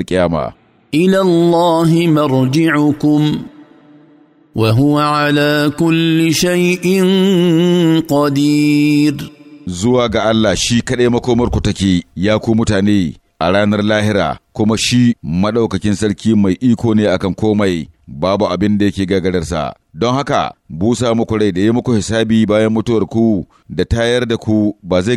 القيامة إلى الله مرجعكم وهو على كل شيء قدير zuwa ga Allah shi kaɗai makomarku take ya ku mutane a ranar lahira kuma shi maɗaukakin sarki mai iko ne akan komai babu abin da yake gagararsa don haka busa muku rai da ya muku hisabi bayan mutuwar ku da tayar da ku ba zai